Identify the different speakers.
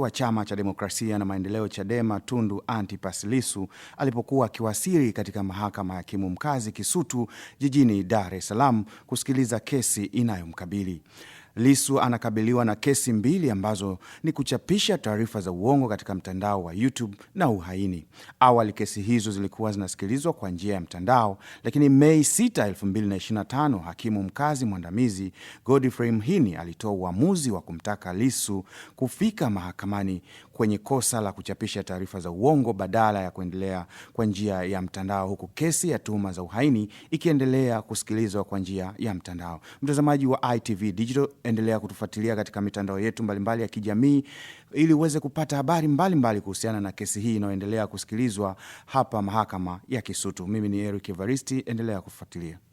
Speaker 1: wa Chama cha Demokrasia na Maendeleo Chadema Tundu Antipas Lissu alipokuwa akiwasili katika mahakama ya hakimu mkazi Kisutu jijini Dar es Salaam kusikiliza kesi inayomkabili. Lisu anakabiliwa na kesi mbili ambazo ni kuchapisha taarifa za uongo katika mtandao wa YouTube na uhaini. Awali kesi hizo zilikuwa zinasikilizwa kwa njia ya mtandao, lakini Mei 6, 2025 hakimu mkazi mwandamizi Godfrey Mhini alitoa uamuzi wa kumtaka Lisu kufika mahakamani kwenye kosa la kuchapisha taarifa za uongo badala ya kuendelea kwa njia ya mtandao, huku kesi ya tuhuma za uhaini ikiendelea kusikilizwa kwa njia ya mtandao. Mtazamaji wa ITV Digital, endelea kutufuatilia katika mitandao yetu mbalimbali mbali ya kijamii ili uweze kupata habari mbalimbali kuhusiana na kesi hii inayoendelea kusikilizwa hapa mahakama ya Kisutu. Mimi ni Eric Evaristi, endelea kufuatilia.